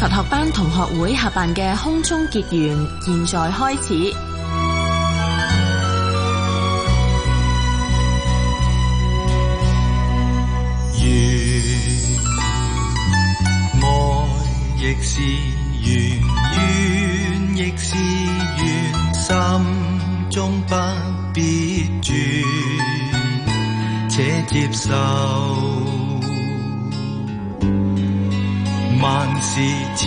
佛學班同學會合辦嘅空中結緣，現在開始。緣愛亦是緣，怨亦是緣，心中不必轉，且接受萬事。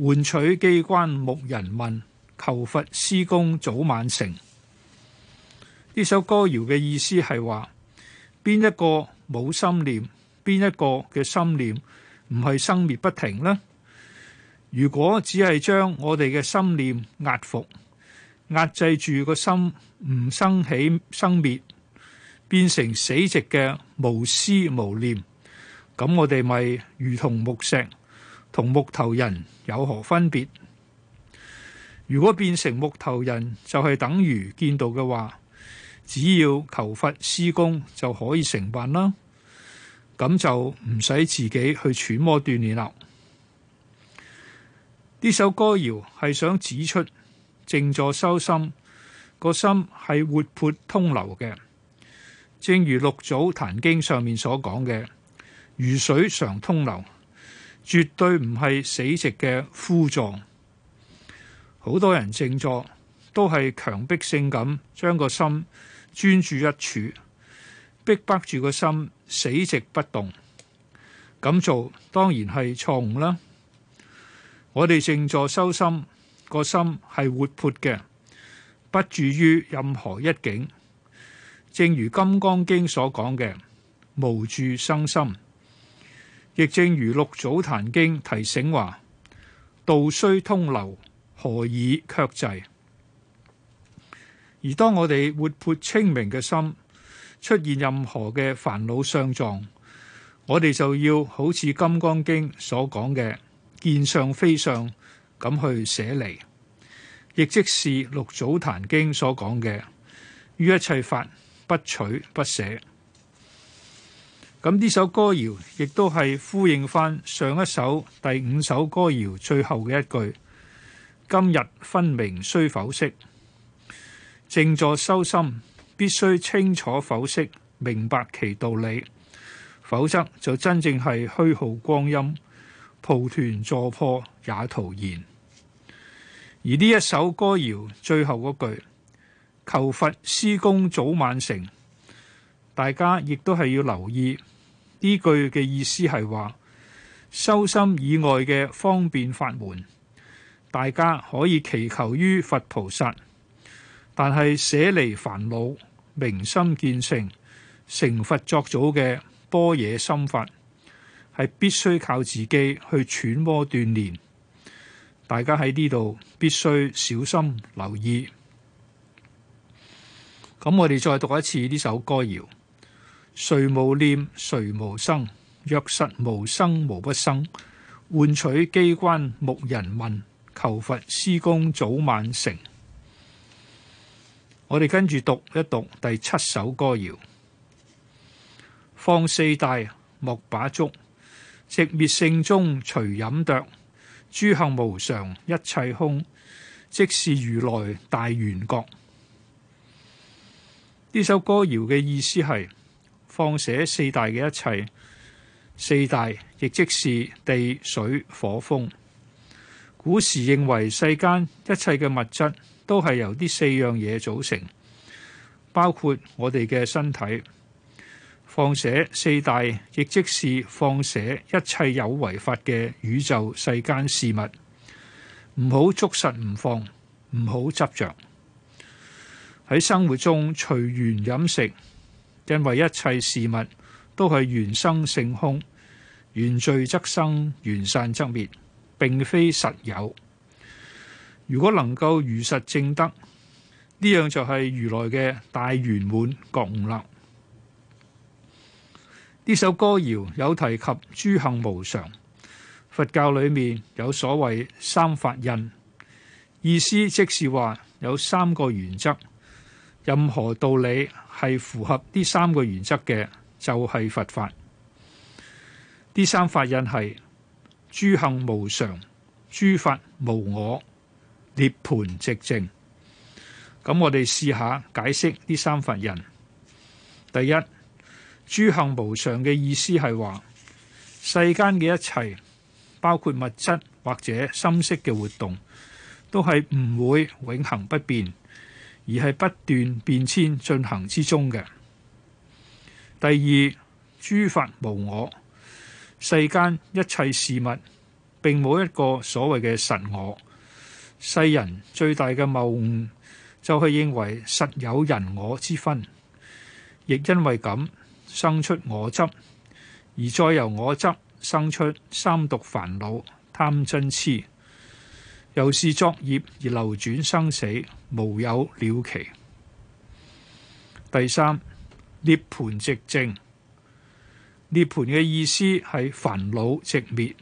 換取機關木人問，求佛施功早晚成。呢首歌謠嘅意思係話，邊一個冇心念，邊一個嘅心念唔係生滅不停呢？如果只係將我哋嘅心念壓服、壓制住個心，唔生起生滅，變成死寂嘅無思無念，咁我哋咪如同木石。同木頭人有何分別？如果變成木頭人，就係等於見到嘅話，只要求佛施工就可以成辦啦。咁就唔使自己去揣摩鍛煉啦。呢首歌謠係想指出，靜坐修心，個心係活潑通流嘅。正如六祖壇經上面所講嘅，如水常通流。絕對唔係死寂嘅枯坐，好多人靜坐都係強迫性咁將個心專注一處，逼迫住個心死寂不動。咁做當然係錯誤啦。我哋靜坐修心，個心係活潑嘅，不住於任何一境，正如《金剛經》所講嘅，無住生心。亦正如六祖壇經提醒話，道須通流，何以卻滯？而當我哋活潑清明嘅心出現任何嘅煩惱相狀，我哋就要好似金剛經所講嘅見相非相咁去捨離，亦即是六祖壇經所講嘅於一切法不取不捨。咁呢首歌謠亦都係呼應翻上，上一首第五首歌謠最後嘅一句：今日分明須否釋，靜坐修心必須清楚否釋，明白其道理，否則就真正係虛耗光陰，蒲團坐破也徒然。而呢一首歌謠最後嗰句：求佛施功早晚成，大家亦都係要留意。呢句嘅意思係話，修心以外嘅方便法門，大家可以祈求於佛菩薩；但係捨離煩惱、明心見性、成佛作祖嘅般若心法，係必須靠自己去揣摩鍛鍊。大家喺呢度必須小心留意。咁我哋再讀一次呢首歌謠。誰無念，誰無生？若實無生，無不生。換取機關木人問，求佛施功，早晚成。我哋跟住讀一讀第七首歌謠：放四大，莫把捉；寂滅性中隨飲啄。諸行無常，一切空。即是如來大圓覺。呢首歌謠嘅意思係。放捨四大嘅一切，四大亦即是地、水、火、風。古時認為世間一切嘅物質都係由呢四樣嘢組成，包括我哋嘅身體。放捨四大亦即是放捨一切有違法嘅宇宙世間事物，唔好捉實唔放，唔好執着，喺生活中隨緣飲食。因為一切事物都係緣生性空，緣聚則生，緣散則滅，並非實有。如果能夠如實正得，呢樣就係如來嘅大圓滿覺悟啦。呢首歌謠有提及諸行無常，佛教裏面有所謂三法印，意思即是話有三個原則，任何道理。係符合呢三個原則嘅，就係、是、佛法。呢三法印係：諸行無常、諸法無我、涅槃寂靜。咁我哋試下解釋呢三法印。第一，諸行無常嘅意思係話，世間嘅一切，包括物質或者心識嘅活動，都係唔會永恒不變。而係不斷變遷進行之中嘅。第二，諸法無我，世間一切事物並冇一個所謂嘅實我。世人最大嘅謬誤就係認為實有人我之分，亦因為咁生出我執，而再由我執生出三毒煩惱、貪、嗔、痴，又是作業而流轉生死。無有了期。第三，涅槃直淨。涅槃嘅意思係煩惱直滅。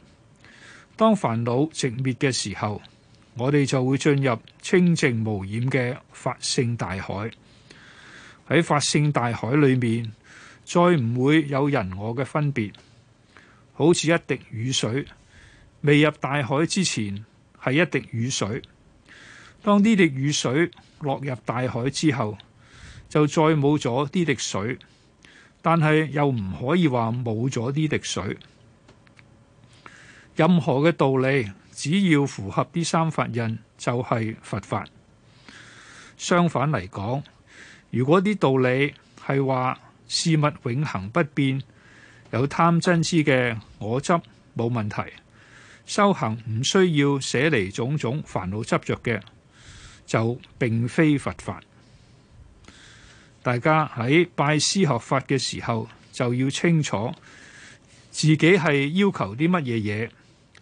當煩惱直滅嘅時候，我哋就會進入清淨無染嘅法性大海。喺法性大海裏面，再唔會有人我嘅分別。好似一滴雨水，未入大海之前係一滴雨水。當呢滴雨水落入大海之後，就再冇咗呢滴水，但係又唔可以話冇咗呢滴水。任何嘅道理，只要符合啲三法印，就係、是、佛法。相反嚟講，如果啲道理係話事物永恆不變，有貪真之嘅我執冇問題，修行唔需要捨離種種煩惱執著嘅，就並非佛法，大家喺拜師學法嘅時候就要清楚自己係要求啲乜嘢嘢，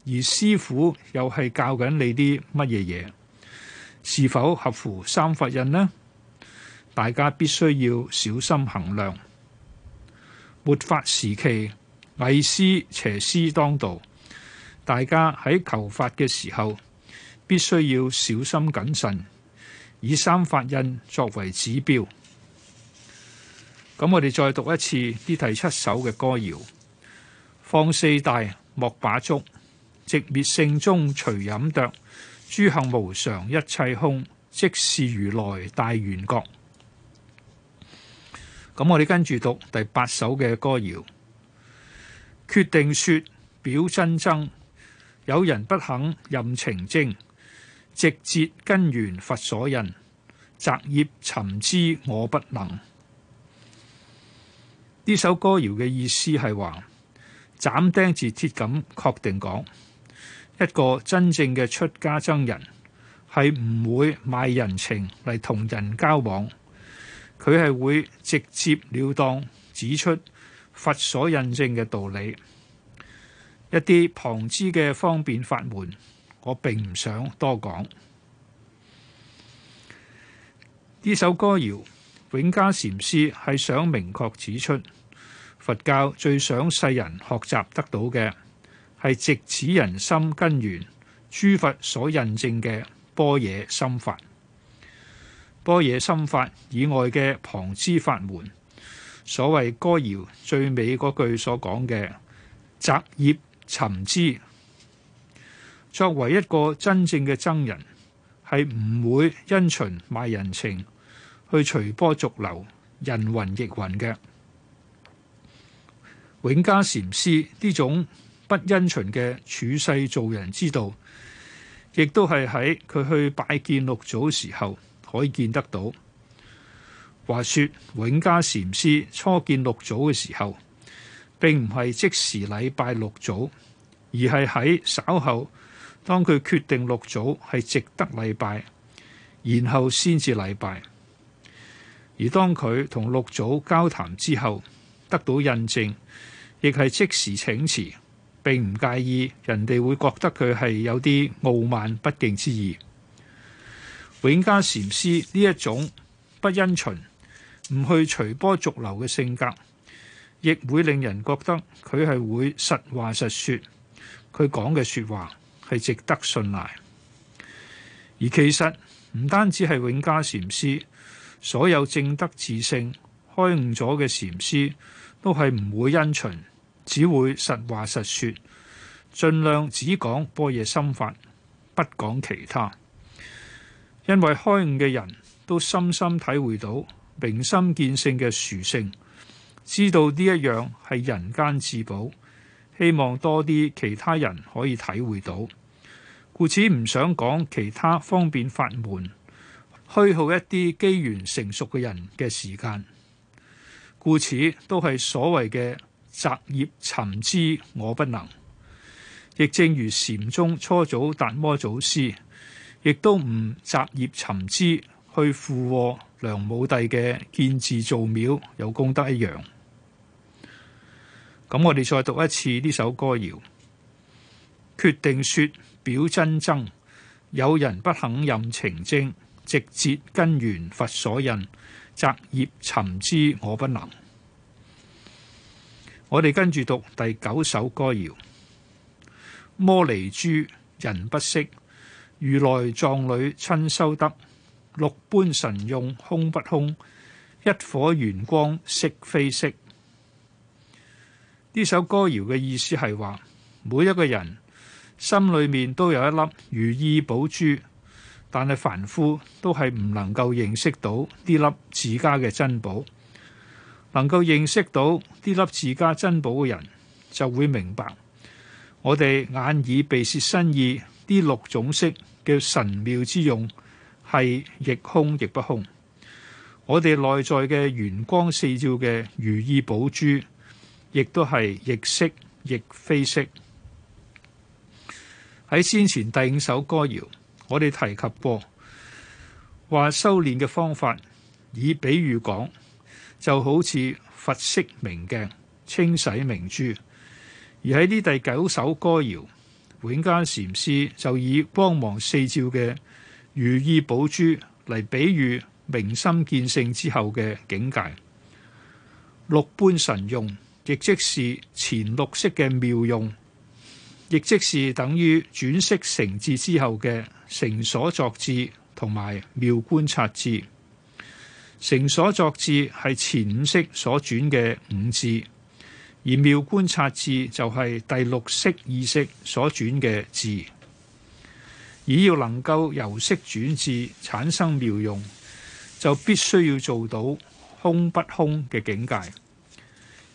而師傅又係教緊你啲乜嘢嘢，是否合乎三法印呢？大家必須要小心衡量。末法時期，偽師邪師當道，大家喺求法嘅時候必須要小心謹慎。以三法印作為指標，咁我哋再讀一次啲第七首嘅歌謠：放四大莫把捉，寂滅性中隨飲啄。諸行無常，一切空，即是如來大圓覺。咁我哋跟住讀第八首嘅歌謠：決定説表真真，有人不肯任情證。直截根源佛所印，摘葉尋枝我不能。呢首歌謠嘅意思係話，斬釘截鐵咁確定講一個真正嘅出家僧人係唔會賣人情嚟同人交往，佢係會直接了當指出佛所印證嘅道理，一啲旁支嘅方便法門。我並唔想多講呢首歌謠。永嘉禪師係想明確指出，佛教最想世人學習得到嘅，係直指人心根源，諸佛所印證嘅般若心法。般若心法以外嘅旁支法門，所謂歌謠最尾嗰句所講嘅摘葉尋枝。作為一個真正嘅僧人，係唔會因循賣人情，去隨波逐流、人云亦云嘅。永嘉禪師呢種不因循嘅處世做人之道，亦都係喺佢去拜見六祖時候可以見得到。話說永嘉禪師初見六祖嘅時候，並唔係即時禮拜六祖，而係喺稍後。當佢決定六祖係值得禮拜，然後先至禮拜。而當佢同六祖交談之後，得到印證，亦係即時請辭，並唔介意人哋會覺得佢係有啲傲慢不敬之意。永嘉禪師呢一種不因循、唔去隨波逐流嘅性格，亦會令人覺得佢係會實話實説，佢講嘅説話，係值得信賴，而其實唔單止係永嘉禪師，所有正德自性開悟咗嘅禪師，都係唔會因循，只會實話實說，盡量只講般若心法，不講其他。因為開悟嘅人都深深體會到明心見性嘅殊勝，知道呢一樣係人間至寶。希望多啲其他人可以體會到，故此唔想講其他方便法門，虛耗一啲機緣成熟嘅人嘅時間。故此都係所謂嘅摘葉尋枝，我不能。亦正如禪宗初祖達摩祖師，亦都唔摘葉尋枝去附和梁武帝嘅建寺造廟有功德一樣。咁我哋再讀一次呢首歌謠，決定説表真真，有人不肯任情徵，直截根源佛所印，摘葉尋枝我不能。我哋跟住讀第九首歌謠，摩尼珠人不識，如來藏女親修得，六般神用空不空，一火圓光色非色。呢首歌謠嘅意思係話，每一個人心裏面都有一粒如意寶珠，但係凡夫都係唔能夠認識到呢粒自家嘅珍寶。能夠認識到呢粒自家珍寶嘅人，就會明白我哋眼耳鼻舌身意呢六種識嘅神妙之用係亦空亦不空。我哋內在嘅圓光四照嘅如意寶珠。亦都係亦色亦非色。喺先前第五首歌謠，我哋提及過話修練嘅方法，以比喻講就好似佛色明鏡清洗明珠。而喺呢第九首歌謠，永嘉禪師就以光芒四照嘅如意寶珠嚟比喻明心見性之後嘅境界，六般神用。亦即是前六識嘅妙用，亦即是等於轉識成智之後嘅成所作智同埋妙觀察智。成所作智係前五識所轉嘅五智，而妙觀察智就係第六識意識所轉嘅智。而要能夠由識轉智產生妙用，就必須要做到空不空嘅境界。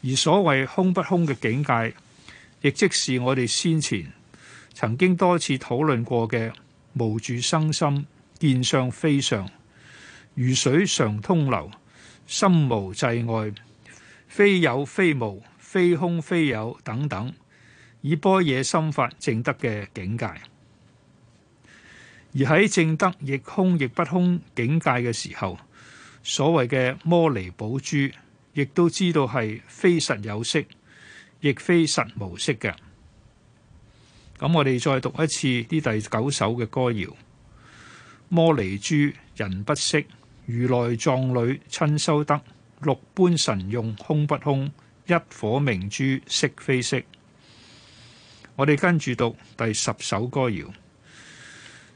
而所謂空不空嘅境界，亦即是我哋先前曾經多次討論過嘅無住生心、見相非相，如水常通流、心無際外、非有非無、非空非有等等，以般若心法證得嘅境界。而喺證得亦空亦不空境界嘅時候，所謂嘅摩尼寶珠。亦都知道係非實有色，亦非實無色嘅。咁我哋再讀一次啲第九首嘅歌謠：摩尼珠人不識，如來藏裏親收得。六般神用空不空，一火明珠色非色。我哋跟住讀第十首歌謠：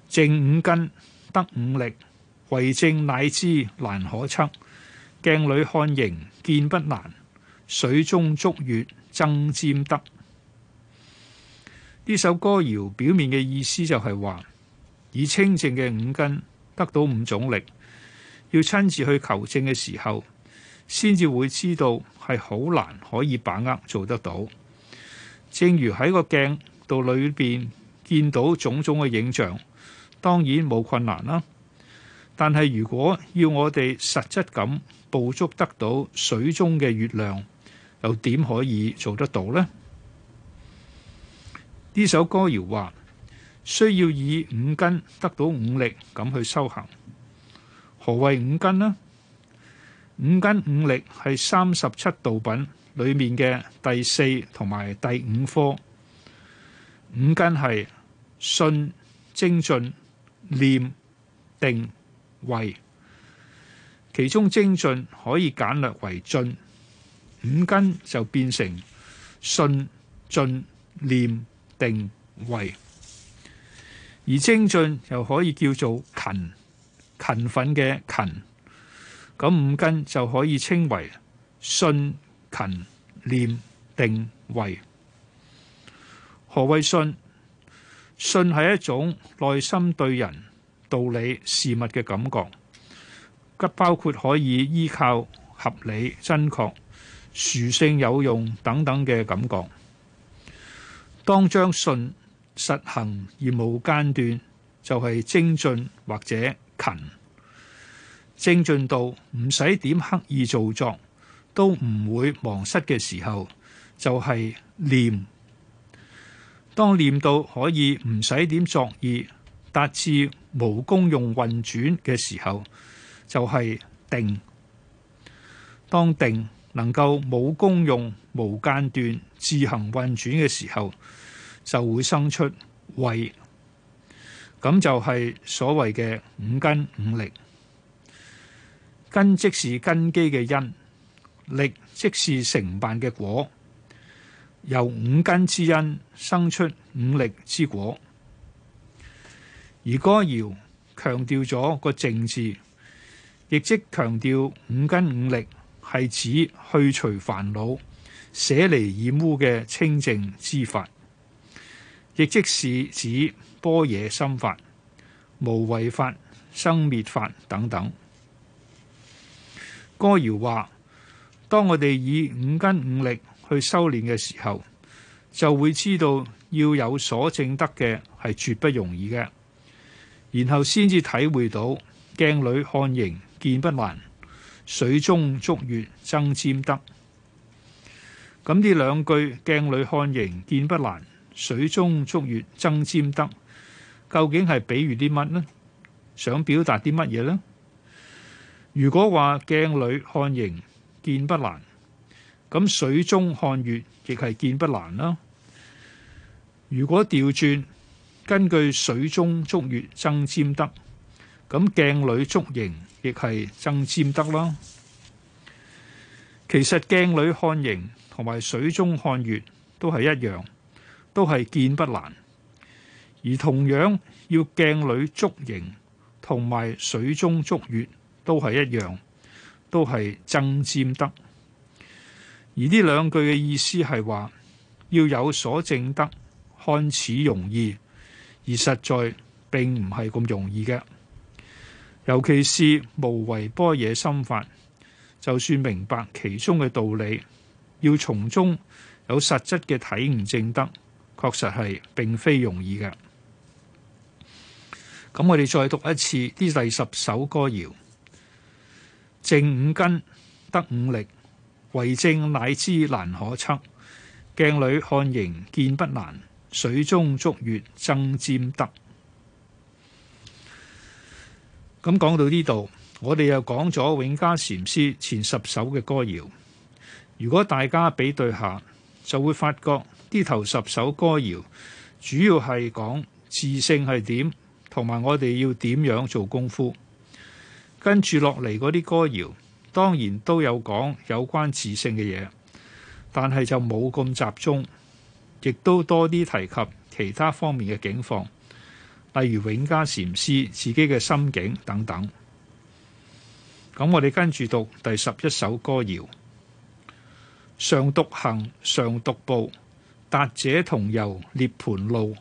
淨五根得五力，唯證乃知難可測。鏡裏看形見不難，水中捉月爭佔得。呢首歌謠表面嘅意思就係話，以清淨嘅五根得到五種力，要親自去求證嘅時候，先至會知道係好難可以把握做得到。正如喺個鏡度裏邊見到種種嘅影像，當然冇困難啦、啊。但係如果要我哋實質咁捕捉得到水中嘅月亮，又點可以做得到呢？呢首歌謠話，需要以五根得到五力咁去修行。何謂五根呢？五根五力係三十七道品裏面嘅第四同埋第五科。五根係信、精進、念、定。慧，其中精進可以簡略為進，五根就變成信、進、念、定、慧。而精進又可以叫做勤，勤奮嘅勤。咁五根就可以稱為信勤念定慧。何謂信？信係一種內心對人。道理事物嘅感覺，包括可以依靠、合理、真確、殊勝有用等等嘅感覺。當將信實行而無間斷，就係、是、精進或者勤。精進到唔使點刻意做作，都唔會忘失嘅時候，就係、是、念。當念到可以唔使點作意。達至無功用運轉嘅時候，就係、是、定。當定能夠冇功用無間斷自行運轉嘅時候，就會生出慧。咁就係所謂嘅五根五力。根即是根基嘅因，力即是成辦嘅果。由五根之因生出五力之果。而歌謠強調咗個淨字，亦即強調五根五力係指去除煩惱、捨離染污嘅清淨之法，亦即是指般若心法、無為法、生滅法等等。歌謠話：當我哋以五根五力去修練嘅時候，就會知道要有所證得嘅係絕不容易嘅。然後先至體會到鏡裏看形見不難，水中捉月爭拈得。咁呢兩句鏡裏看形見不難，水中捉月爭拈得，究竟係比喻啲乜呢？想表達啲乜嘢呢？如果話鏡裏看形見不難，咁水中看月亦係見不難啦。如果調轉？根據水中捉月爭拈得，咁鏡裏捉形亦係爭拈得啦。其實鏡裏看形同埋水中看月都係一樣，都係見不難。而同樣要鏡裏捉形同埋水中捉月都係一樣，都係爭拈得。而呢兩句嘅意思係話要有所證得，看似容易。而實在並唔係咁容易嘅，尤其是無為般若心法，就算明白其中嘅道理，要從中有實質嘅體悟證得，確實係並非容易嘅。咁我哋再讀一次啲第十首歌謠：淨五根得五力，唯證乃知難可測，鏡裏看形見不難。水中捉月爭拈得。咁講到呢度，我哋又講咗永嘉禪師前十首嘅歌謠。如果大家比對下，就會發覺呢頭十首歌謠主要係講自性係點，同埋我哋要點樣做功夫。跟住落嚟嗰啲歌謠，當然都有講有關自性嘅嘢，但係就冇咁集中。亦都多啲提及其他方面嘅境況，例如永嘉禪師自己嘅心境等等。咁我哋跟住讀第十一首歌謠：上獨行，上獨步，達者同遊涅槃路，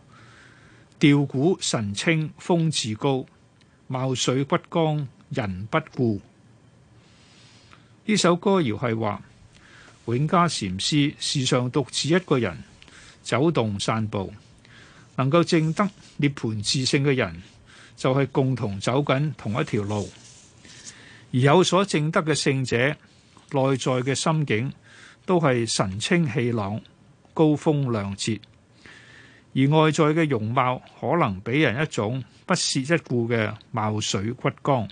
調古神清風自高，貌悴骨剛人不顧。呢首歌謠係話永嘉禪師時常獨自一個人。走動散步，能夠證得涅槃自性嘅人，就係、是、共同走緊同一條路。而有所證得嘅聖者，內在嘅心境都係神清氣朗、高風亮節，而外在嘅容貌可能俾人一種不屑一顧嘅貌水骨剛。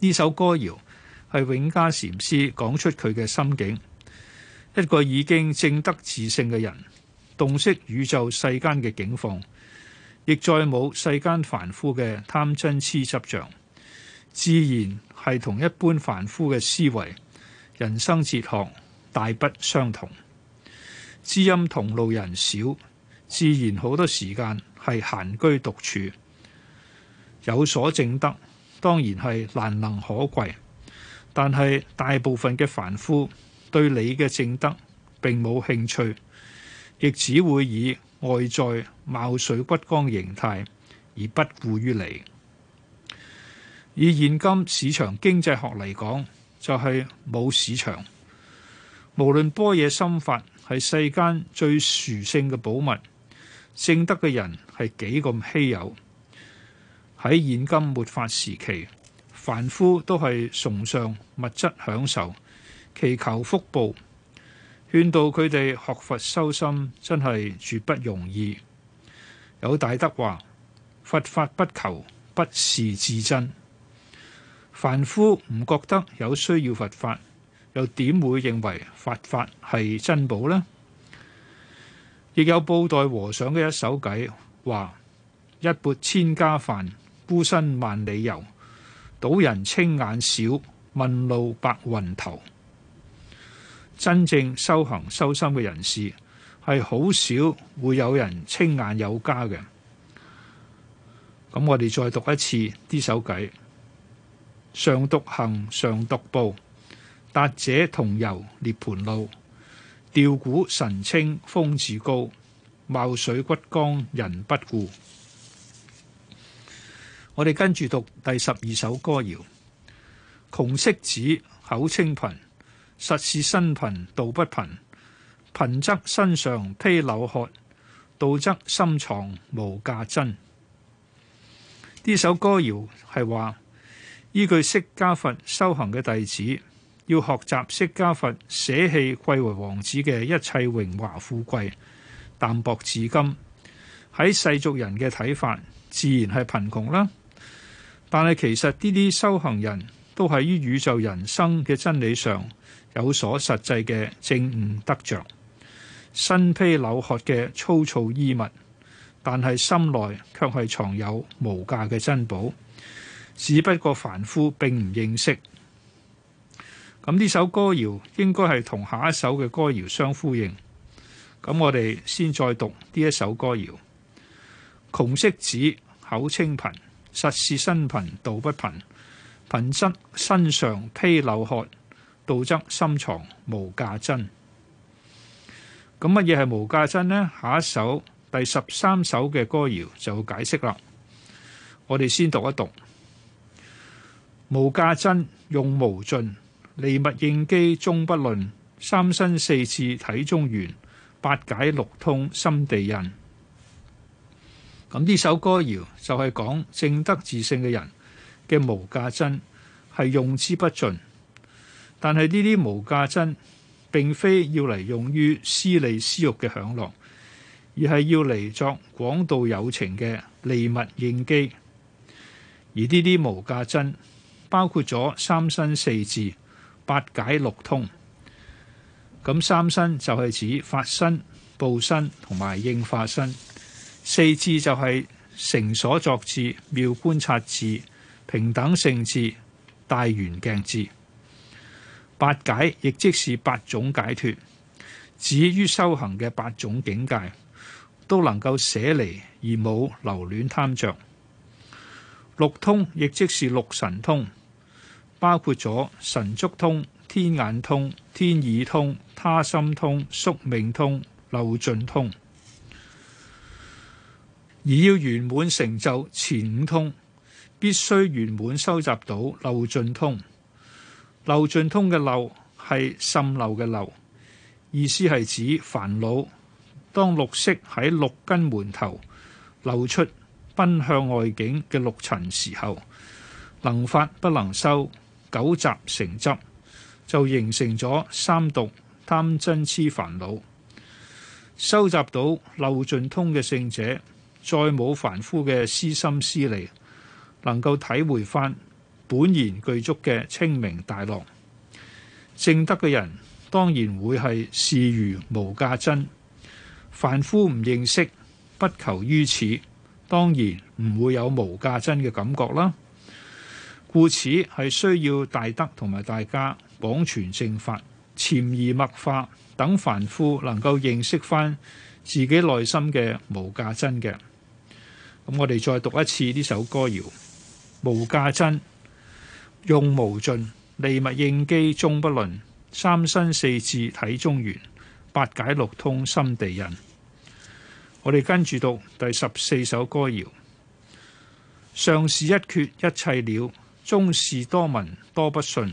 呢首歌謠係永嘉禪師講出佢嘅心境。一個已經正德自性嘅人，洞悉宇宙世間嘅境況，亦再冇世間凡夫嘅貪嗔痴執障，自然係同一般凡夫嘅思維、人生哲學大不相同。知音同路人少，自然好多時間係閒居獨處，有所正德，當然係難能可貴。但係大部分嘅凡夫。對你嘅正德並冇興趣，亦只會以外在貌水不光形態而不顧於你。以現今市場經濟學嚟講，就係、是、冇市場。無論般若心法係世間最殊勝嘅寶物，正德嘅人係幾咁稀有。喺現今末法時期，凡夫都係崇尚物質享受。祈求福報，勸導佢哋學佛修心，真係絕不容易。有大德話：佛法不求，不是至真。凡夫唔覺得有需要佛法，又點會認為佛法係珍寶呢？亦有布袋和尚嘅一首偈話：一鉢千家飯，孤身萬里遊。睹人青眼少，問路白雲頭。真正修行修心嘅人士，係好少會有人青眼有加嘅。咁我哋再讀一次呢首偈常獨行，常獨步，達者同遊涅槃路，調古神清風自高，貌悴骨剛人不顧。我哋跟住讀第十二首歌謠，窮釋子，口稱貧。實是身貧道不貧，貧則身上披縷褐，道則心藏無價珍。呢首歌謠係話：依據釋迦佛修行嘅弟子，要學習釋迦佛捨棄貴為王子嘅一切榮華富貴，淡薄至今。喺世俗人嘅睇法，自然係貧窮啦。但係其實呢啲修行人都係於宇宙人生嘅真理上。有所實際嘅正悟得著，身披縷褐嘅粗糙衣物，但係心內卻係藏有無價嘅珍寶，只不過凡夫並唔認識。咁呢首歌謠應該係同下一首嘅歌謠相呼應。咁我哋先再讀呢一首歌謠：窮釋子口清貧，實是身貧道不貧，貧則身上披縷褐。道則心藏無價真，咁乜嘢係無價真呢？下一首第十三首嘅歌謠就解釋啦。我哋先讀一讀無價真用無盡，利物應機終不吝，三身四智體中圓，八解六通心地印。咁呢首歌謠就係講正德自性嘅人嘅無價真係用之不盡。但係呢啲無價珍並非要嚟用於私利私欲嘅享樂，而係要嚟作廣度有情嘅利物應機。而呢啲無價珍包括咗三身四智，八解六通。咁三身就係指法身、報身同埋應化身；四智就係成所作智、妙觀察智、平等性智、大圓鏡智。八解亦即是八種解脱，指於修行嘅八種境界都能夠捨離而冇留戀貪著。六通亦即是六神通，包括咗神足通、天眼通、天耳通、他心通、宿命通、漏盡通。而要圓滿成就前五通，必須圓滿收集到漏盡通。漏盡通嘅漏係滲漏嘅漏，意思係指煩惱當綠色喺六根門頭流出，奔向外境嘅六塵時候，能發不能收，久集成執，就形成咗三毒貪嗔痴煩惱。收集到漏盡通嘅聖者，再冇凡夫嘅私心私利，能夠體會返。本然具足嘅清明大樂，正德嘅人當然會係視如無價珍。凡夫唔認識，不求於此，當然唔會有無價珍嘅感覺啦。故此係需要大德同埋大家保存正法、潛移默化，等凡夫能夠認識返自己內心嘅無價珍嘅。咁我哋再讀一次呢首歌謠：無價珍。用無盡，利物應機終不吝；三身四智體中圓，八解六通心地印。我哋跟住讀第十四首歌謠：上士一決一切了，中士多聞多不信；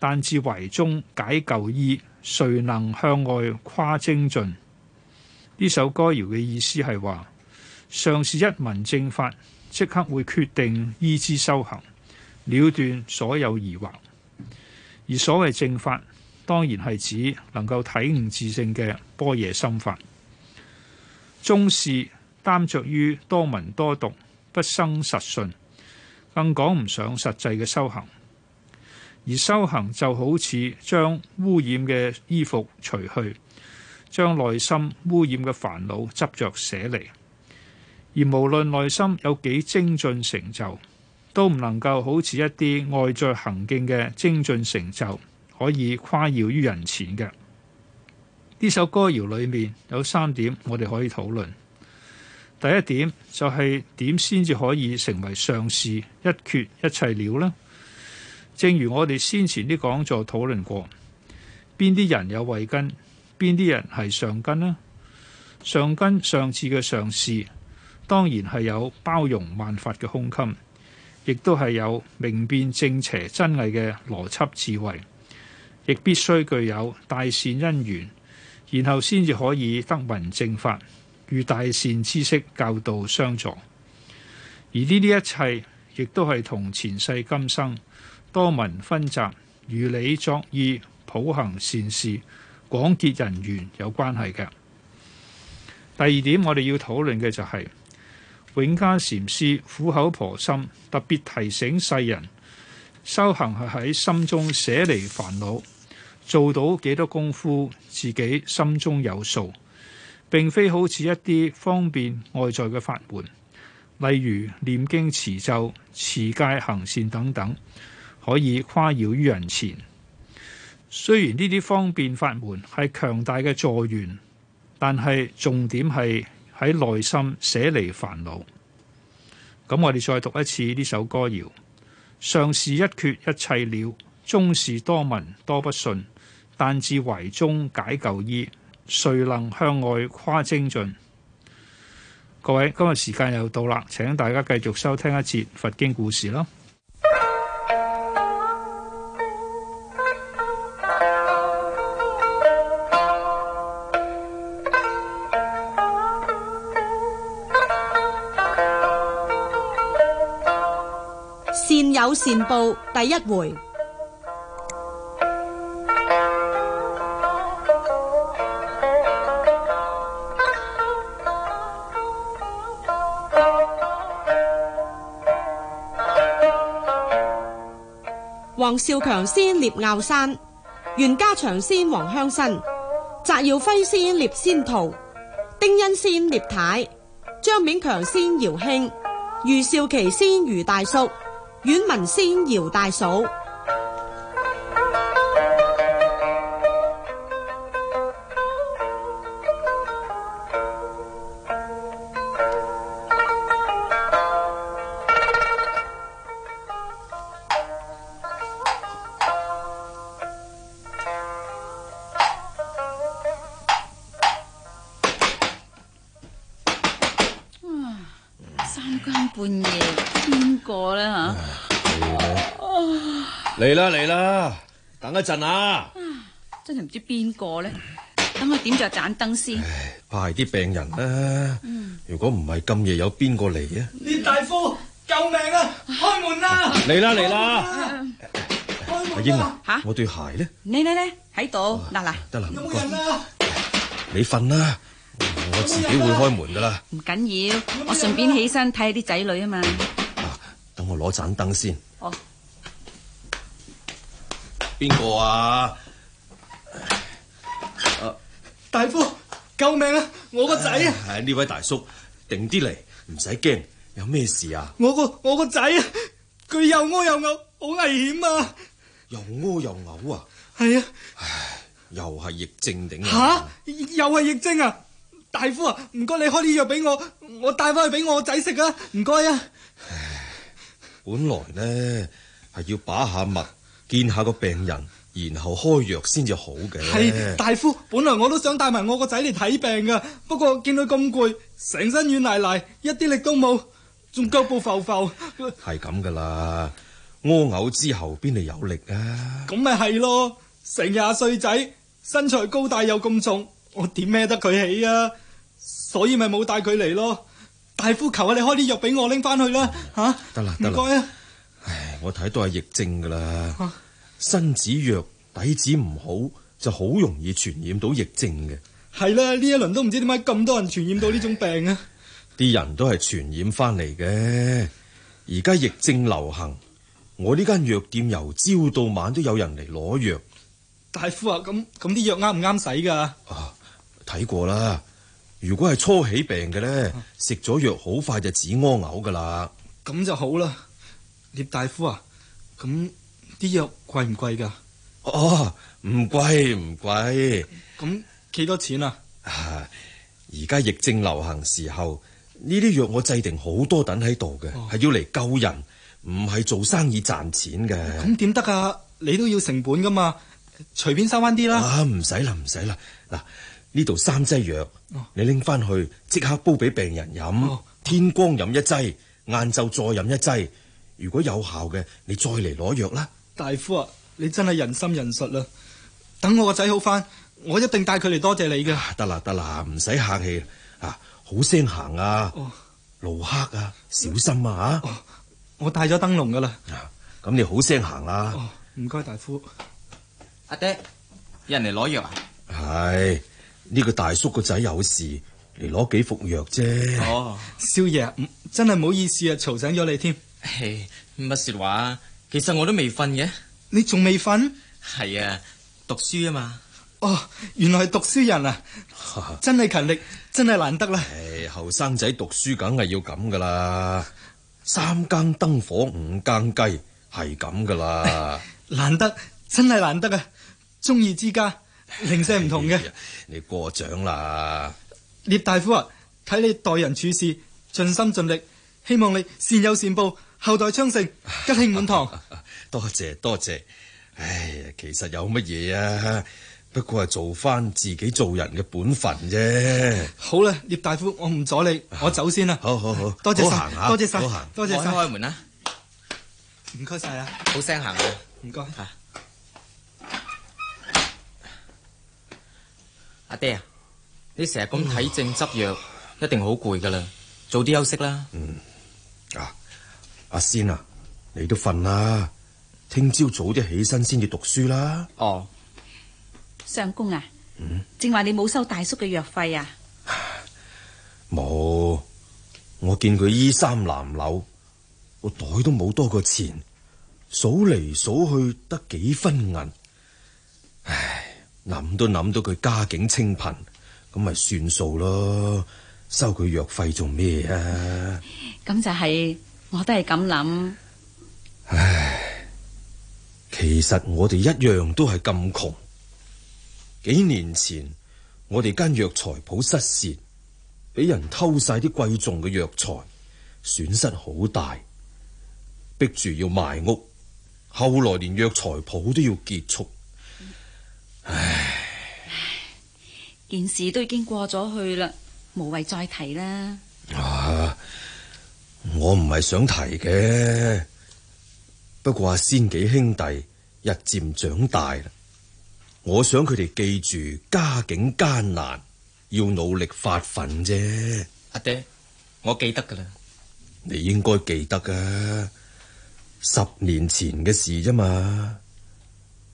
但自懷中解垢衣，誰能向外誇精進？呢首歌謠嘅意思係話，上士一聞正法，即刻會決定依之修行。了斷所有疑惑，而所謂正法，當然係指能夠體悟自性嘅般若心法。宗士耽着於多聞多讀，不生實信，更講唔上實際嘅修行。而修行就好似將污染嘅衣服除去，將內心污染嘅煩惱執着捨離。而無論內心有幾精進成就。都唔能夠好似一啲外在行徑嘅精進成就可以誇耀於人前嘅。呢首歌謠裏面有三點，我哋可以討論。第一點就係點先至可以成為上士，一決一切了呢？正如我哋先前啲講座討論過，邊啲人有慧根，邊啲人係上根呢？上根上次嘅上士當然係有包容萬法嘅胸襟。亦都係有明辨正邪真偽嘅邏輯智慧，亦必須具有大善因緣，然後先至可以得聞正法，與大善知識教導相助。而呢啲一切亦都係同前世今生多聞分集、如理作意、普行善事、廣結人緣有關係嘅。第二點，我、就是，我哋要討論嘅就係。永嘉禪師苦口婆心，特別提醒世人修行係喺心中捨離煩惱，做到幾多功夫，自己心中有數，並非好似一啲方便外在嘅法門，例如念經持咒、持戒行善等等，可以誇耀於人前。雖然呢啲方便法門係強大嘅助緣，但係重點係。喺內心捨離煩惱，咁我哋再讀一次呢首歌謠。上士一決一切了，中士多聞多不信，但自懷中解舊衣，誰能向外誇精進？各位，今日時間又到啦，請大家繼續收聽一節佛經故事啦。善有善報，第一回。黃少強先聶鰲山，袁家祥先黃香新，翟耀輝先聶仙桃，丁欣先聶太，太，張勉強先姚興，余少琪先余大叔。阮文仙姚大嫂。嚟啦！等一陣啊！真係唔知邊個咧，等我點著盞燈先。怕係啲病人啦。如果唔係，咁夜有邊個嚟啊？葉大夫，救命啊！開門啦！嚟啦嚟啦！阿英啊，吓，我對鞋咧？你你咧喺度？嗱嗱，得啦。有冇人啊？你瞓啦，我自己會開門噶啦。唔緊要，我順便起身睇下啲仔女啊嘛。等我攞盞燈先。哦。邊個啊？大夫，救命啊！我個仔啊！唉，呢位大叔，定啲嚟，唔使驚，有咩事啊？我個我個仔啊，佢又屙又嘔，好危險啊！又屙又嘔啊？係啊！唉，又係疫症定啊！吓，又係疫症啊！大夫啊，唔該你開啲藥俾我，我帶翻去俾我個仔食啊！唔該啊！唉，本來呢，係要把下脈，見下個病人，然後開藥先至好嘅。係，大夫，本來我都想帶埋我個仔嚟睇病噶，不過見佢咁攰，成身軟賴賴，一啲力都冇，仲腳步浮浮。係咁噶啦，屙、呃、嘔、呃、之後邊度有力啊？咁咪係咯，成廿歲仔，身材高大又咁重，我點孭得佢起啊？所以咪冇帶佢嚟咯。大夫求下你開啲藥俾我拎翻去啦，吓得啦，唔該啊。了我睇都係疫症噶啦，啊、身子弱、底子唔好，就好容易傳染到疫症嘅。係啦，呢一輪都唔知點解咁多人傳染到呢種病啊！啲人都係傳染翻嚟嘅。而家疫症流行，我呢間藥店由朝到晚都有人嚟攞藥。大夫啊，咁咁啲藥啱唔啱使噶？啊，睇過啦。如果係初起病嘅咧，食咗藥好快就止屙嘔噶啦。咁就好啦。聶大夫啊，咁啲藥貴唔貴噶？哦，唔貴唔貴。咁幾多錢啊？而家、啊、疫症流行時候，呢啲藥我制定好多等喺度嘅，係、哦、要嚟救人，唔係做生意賺錢嘅。咁點得啊？你都要成本噶嘛？隨便收翻啲啦。啊，唔使啦，唔使啦。嗱，呢度三劑藥，你拎翻去即刻煲俾病人飲。哦、天光飲一劑，晏晝再飲一劑。如果有效嘅，你再嚟攞藥啦。大夫啊，你真係仁心仁術啦。等我個仔好返，我一定帶佢嚟多謝你嘅。得啦、啊，得啦，唔使客氣啊。好聲行啊，路、哦、黑啊，啊小心啊、哦、我帶咗燈籠噶啦。咁、啊、你好聲行啊。唔該、哦，大夫。阿爹，有人嚟攞藥啊？係呢、這個大叔個仔有事嚟攞幾服藥啫。哦，少爺，真係唔好意思啊，吵醒咗你添。嘿，乜說話？其實我都未瞓嘅，你仲未瞓？係啊，讀書啊嘛。哦，原來係讀書人啊， 真係勤力，真係難得啦。唉、哎，後生仔讀書梗係要咁噶啦，三更燈火五更雞係咁噶啦。難得，真係難得啊！中意之家，零舍唔同嘅、哎，你過獎啦。聶大夫啊，睇你待人處事盡心盡力。希望你善有善報，後代昌盛，吉慶滿堂，啊啊。多謝多謝，唉，其實有乜嘢啊，不過係做翻自己做人嘅本分啫。好啦，葉大夫，我唔阻你，我走先啦。好好好，多謝晒，多謝晒，多謝，啊，多開門啦，唔該晒啊。好聲行啊，唔該謝。阿爹啊，爹你成日咁睇症執藥，一定好攰噶啦，早啲休息啦。嗯。阿仙啊，你都瞓啦，聽朝早啲起身先至讀書啦。哦，相公啊，嗯，正話你冇收大叔嘅藥費啊？冇，我見佢衣衫襤褸，我袋都冇多過錢，數嚟數去得幾分銀，唉，諗都諗到佢家境清貧，咁咪算數咯，收佢藥費做咩啊？咁，嗯，就係，是。我都係咁諗。唉，其實我哋一樣都係咁窮。幾年前我哋間藥材鋪失竊，俾人偷晒啲貴重嘅藥材，損失好大，逼住要賣屋。後來連藥材鋪都要結束。唉，唉，件事都已經過咗去啦，無謂再提啦。啊！我唔係想提嘅，不過阿仙幾兄弟日漸長大啦，我想佢哋記住家境艱難，要努力發奮啫。阿爹，我記得噶啦，你應該記得噶，十年前嘅事啫嘛。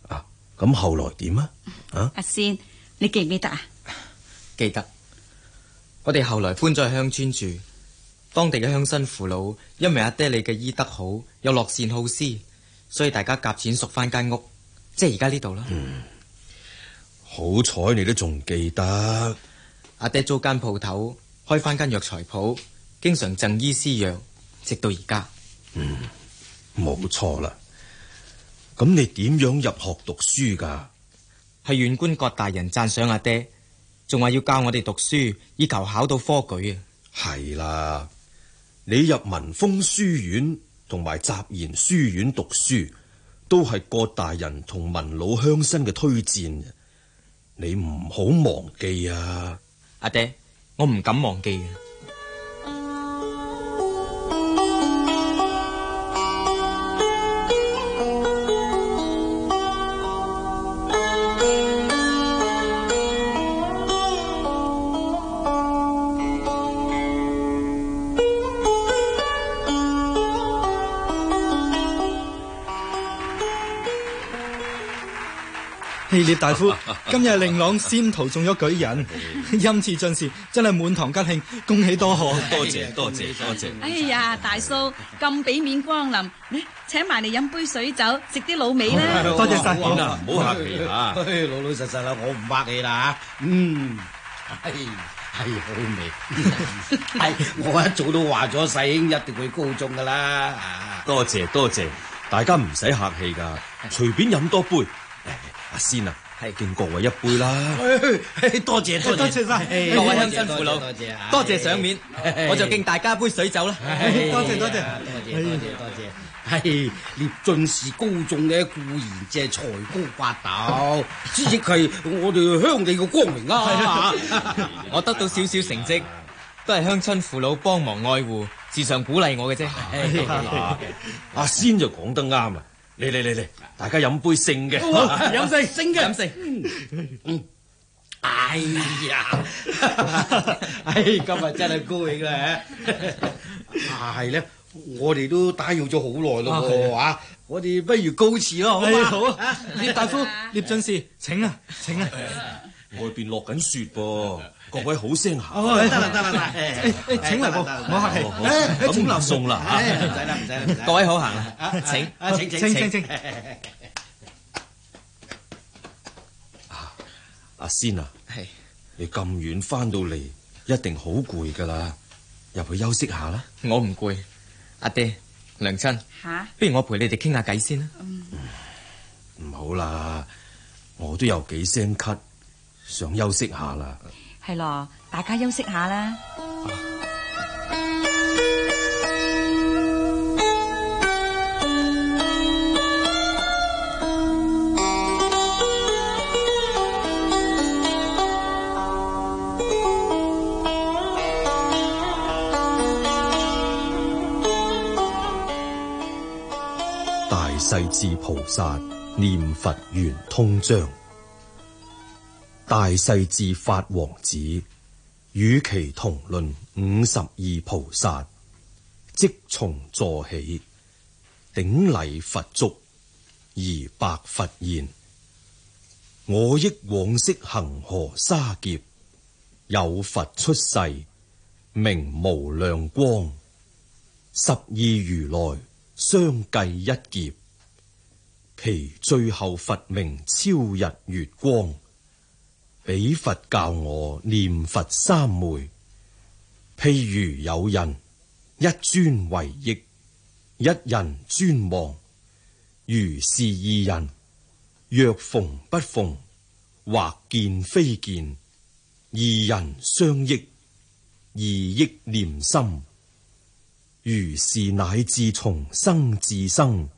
啊，咁後來點啊？啊，阿仙，你記唔記得啊？記得，我哋後來搬咗去鄉村住。當地嘅鄉紳父老因為阿爹，爹你嘅醫德好又樂善好施，所以大家夾錢贖翻間屋，即係而家呢度啦。嗯，好彩你都仲記得。阿爹租間鋪頭開翻間藥材鋪，經常贈醫施藥，直到而家。嗯，冇錯啦。咁你點樣入學讀書噶？係縣官郭大人讚賞阿爹，仲話要教我哋讀書，以求考到科舉啊。係啦。你入文峰書院同埋集賢書院讀書，都係郭大人同文老鄉紳嘅推薦，你唔好忘記啊！阿爹，我唔敢忘記嘅。氣烈大夫，今日令郎先途中咗舉人，欽賜進士，真係滿堂吉慶，恭喜多賀！多謝多謝多謝！哎呀，大叔咁俾面光臨，請埋嚟飲杯水酒，食啲老味啦！多謝細兄啊，唔好客氣吓，老老實實啦，我唔呃你啦吓，嗯，係係好味，係我一早都話咗細兄一定會高中噶啦！多謝多謝，大家唔使客氣噶，隨便飲多杯。阿仙啊，係敬各位一杯啦！多謝多謝，多謝各位鄉親父老，多謝多謝賞面，我就敬大家杯水酒啦！多謝多謝，多謝多謝多謝！係連進士高中嘅固然，即係才高八斗，亦係我哋鄉里嘅光明啊！我得到少少成績，都係鄉親父老幫忙愛護、時常鼓勵我嘅啫。阿仙就講得啱啊！嚟嚟嚟嚟，大家飲杯勝嘅，飲勝勝嘅，飲勝。嗯嗯，哎呀， 今日真係高興啦嚇，係咧、 啊，我哋都打擾咗好耐咯喎，的啊、我哋不如告辭咯，好唔好啊？聶大夫、聶進的士請啊，請啊。 外邊落緊雪噃。各位好聲行哦，得啦得啦，誒誒，請留步，唔好客氣，誒，咁留送啦，唔使啦唔使啦，各位好行啦，請請請請，請阿仙啊，係你咁遠翻到嚟，一定好攰噶啦，入去休息下啦。我唔攰，阿爹、娘親吓，不如我陪你哋傾下偈先啦。唔好啦，我都有幾聲咳，想休息下啦。係咯，大家休息下啦。大勢至菩薩念佛圓通章。大世至法王子與其同倫五十二菩薩，即從座起，頂禮佛足而白佛言：我憶往昔恒河沙劫，有佛出世，名無量光，十二如來相繼一劫，其最後佛名超日月光。彼佛教我念佛三昧，譬如有人一專為憶，一人專忘，如是二人，若逢不逢，或見非見，二人相憶，二憶念深，如是乃至從生至生，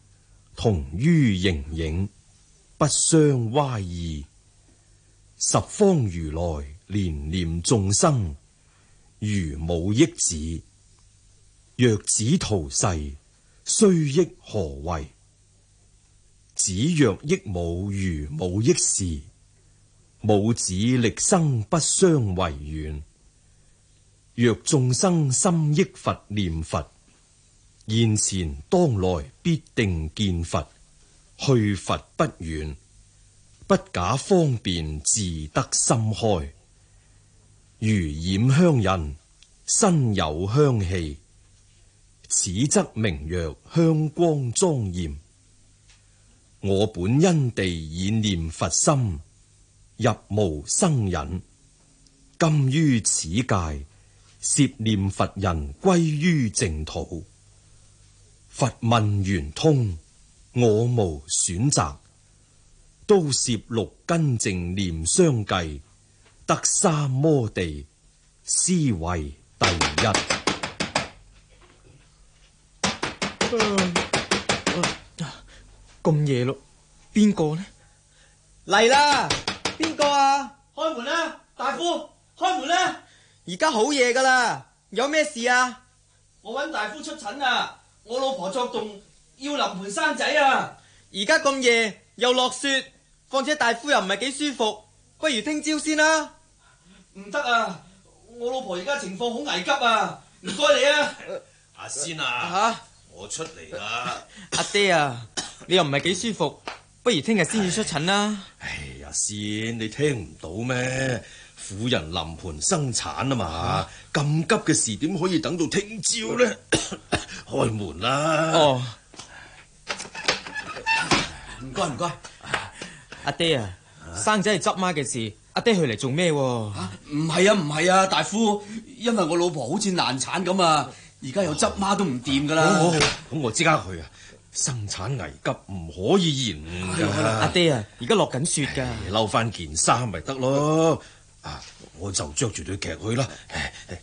同於形影，不相乖異。十方如來憐念眾生，如母憶子。若子逃逝，雖憶何為？子若憶母，如母憶時。母子歷生不相違遠。若眾生心憶佛念佛，現前當來必定見佛，去佛不遠。不假方便，自得心開；如染香人，身有香氣。此則名曰香光莊嚴。我本因地以念佛心，入無生忍。今於此界攝念佛人，歸於淨土。佛問圓通，我無選擇。都涉六根，正念相繼，得三摩地思維第一。咁夜咯，邊、啊、個呢？嚟啦，邊個啊？開門啦、啊，大夫，開門啦、啊！而家好夜噶啦，有咩事啊？我揾大夫出診啊！我老婆作動要臨盆生仔啊！而家咁夜又落雪。況且大夫又唔係幾舒服，不如聽朝先啦。唔得啊，我老婆而家情況好危急啊！唔該你啊，阿仙啊，我出嚟啦。阿爹啊，你又唔係幾舒服，不如聽日先至出診啦。哎呀，仙，你聽唔到咩？婦人臨盆生產啊嘛，咁急嘅事點可以等到聽朝咧？開門啦！哦，唔該唔該。阿爹啊，生仔係執媽嘅事，阿爹去嚟做咩？唔係啊，唔係啊，啊，大夫，因為我老婆好似難產咁啊，而家有執媽都唔掂噶啦。好好好，咁、哦哦、我即刻去啊！生產危急，唔可以延誤啊！阿爹啊，而家落緊雪噶，你嬲翻件衫咪得咯。啊，我就着住對屐去啦。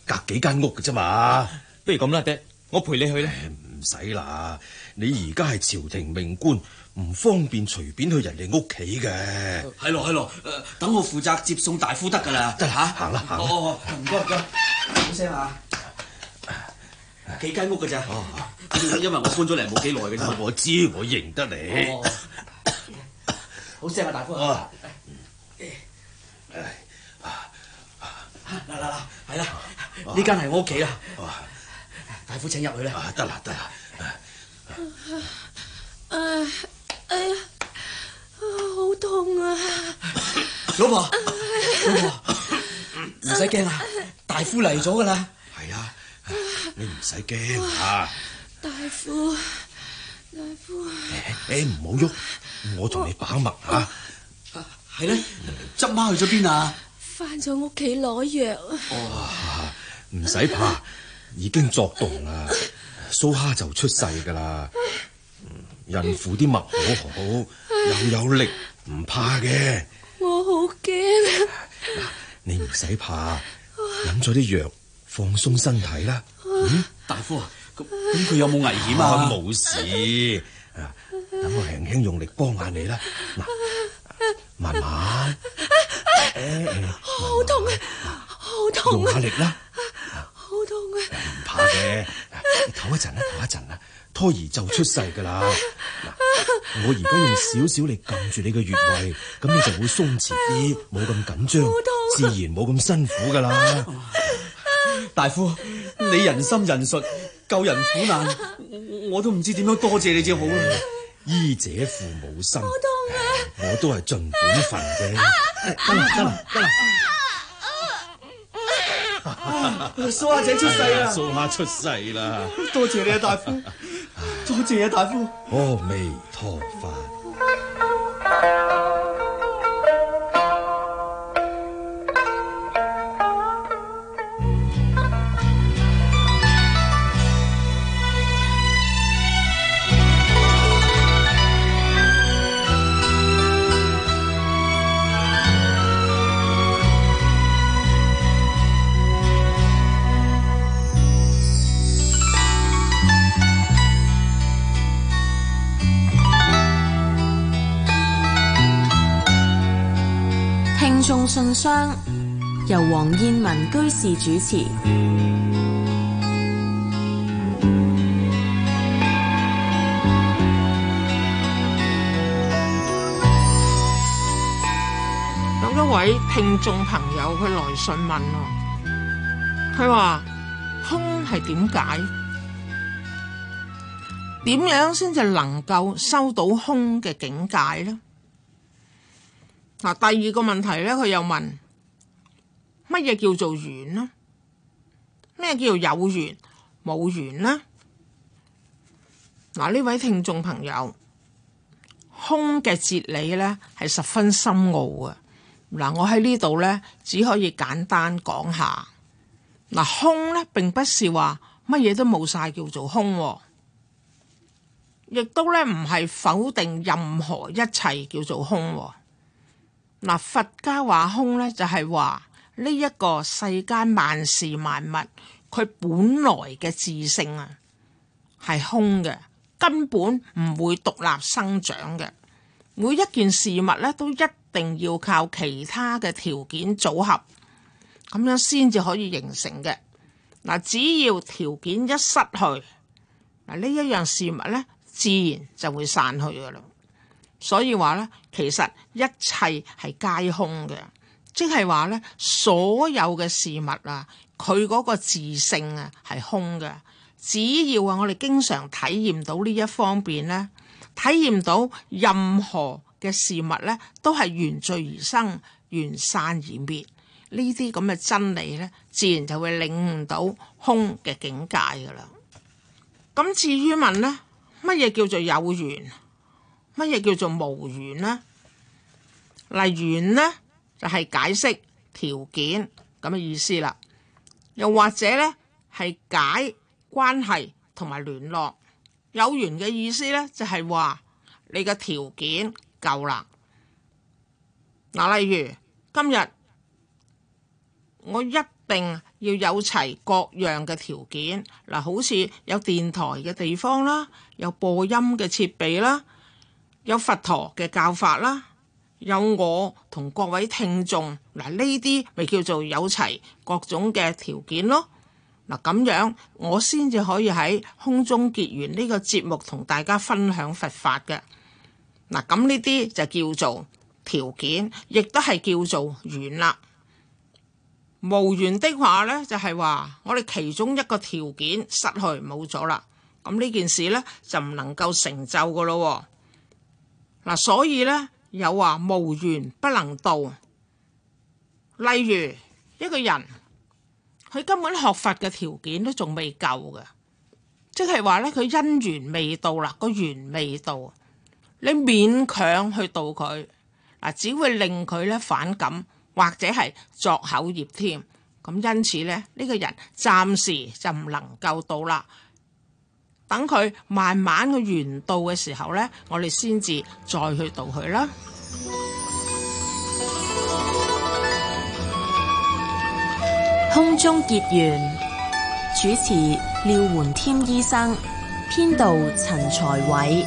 隔幾間屋嘅啫嘛，不如咁啦，阿爹，我陪你去咧。唔使啦，你而家係朝廷命官。唔方便隨便去人哋屋企嘅。係咯係咯，等我負責接送大夫得噶啦。得吓？行啦行啦。哦唔該噶，好聲啊，幾間屋噶咋？哦，因為因為我搬咗嚟冇幾耐嘅啫。我知我認得你，好聲啊，大夫。嗱，嗱、ah,，嗱，嗱，係啦，呢間係我屋企啦，大夫請入去啦，得啦得啦。哎呀，好痛啊！老婆，老婆，唔使驚啊，啊大夫嚟咗噶啦。係啊，你唔使驚啊。大夫，大夫，誒誒、欸，唔好喐，我同你把脈啊。係咧，執媽去咗邊啊？翻咗屋企攞藥。哦，唔使怕，已經作動啦，蘇蝦就出世噶啦。孕婦啲脈好好，又有力，唔怕嘅。我好驚。你唔使怕，飲咗啲藥，放鬆身體啦。我嗯，大夫啊，咁咁佢有冇危險？啊冇事，啊，等我輕輕用力幫下你啦，嗱，啊，慢慢，好痛，痛，痛啊，好痛用下力啦，好痛啊，唔怕嘅，唞一陣啦，唞一陣啦。胎兒就出世噶啦！嗱，我而家用少少嚟撳住你嘅穴位，咁你就會鬆弛啲，冇咁緊張，自然冇咁辛苦噶啦。啊、大夫，你仁心仁術，救人苦難，我都唔知點樣多謝你至好啦、啊。醫者父母心，啊、我都係盡本分嘅。得啦得啦得啦！蘇阿、 啊、姐出世啦！蘇阿、哎、出世啦！ 多謝你啊，大夫。 多謝啊，大夫。哦，阿彌陀佛。 信箱由黃燕文居士主持。有一位聽眾朋友佢來信問哦，佢話空係點解？點樣先至能夠收到空嘅境界呢？嗱，第二個問題咧，佢又問乜嘢叫做緣咧？咩叫有緣冇緣咧？嗱，呢位聽眾朋友，空嘅哲理呢係十分深奧嘅。嗱，我喺呢度呢，只可以簡單講下。嗱，空呢並不是話乜嘢都冇晒叫做空，亦都呢唔係否定任何一切叫做空。佛家話空呢，就係話呢一個世間萬事萬物，佢本來嘅自性啊，係空嘅，根本唔會獨立生長嘅。每一件事物呢，都一定要靠其他嘅條件組合，咁樣先至可以形成嘅。嗱，只要條件一失去，呢一樣事物呢，自然就會散去噶啦。所以話咧，其實一切係皆空嘅。即係話咧，所有嘅事物啊，佢嗰個自性啊係空嘅。只要啊，我哋經常體驗到呢一方面咧，體驗到任何嘅事物咧，都係緣聚而生，緣散而滅。呢啲咁嘅真理咧，自然就會領悟到空嘅境界噶啦。咁至於問咧，乜嘢叫做有緣？乜嘢叫做無緣呢？嗱，緣呢就係解釋條件咁嘅意思啦。又或者呢，係解關係同埋聯絡。有緣嘅意思呢，就係話你嘅條件夠啦。嗱，例如今日我一定要有齊各樣嘅條件，嗱，好似有電台嘅地方啦，有播音嘅設備啦。有佛陀嘅教法啦，有我同各位聽眾嗱，呢啲咪叫做有齊各種嘅條件咯。嗱，咁樣我先至可以喺空中結緣呢個節目，同大家分享佛法嘅嗱。咁呢啲就叫做條件，亦都係叫做緣啦。無緣的話呢，就係話我哋其中一個條件失去冇咗啦，咁呢件事呢，就唔能夠成就㗎咯。嗱，所以咧有話無緣不能度。例如一個人，佢根本學佛嘅條件都仲未夠嘅，即係話咧佢因緣未到啦，個緣未到，你勉強去度佢，嗱，只會令佢咧反感或者係作口業添。咁因此咧，呢個人暫時就唔能夠度啦。等佢慢慢去完到嘅時候呢，我哋先至再去到佢啦。空中結緣，主持廖垣添醫生，編導陳才偉。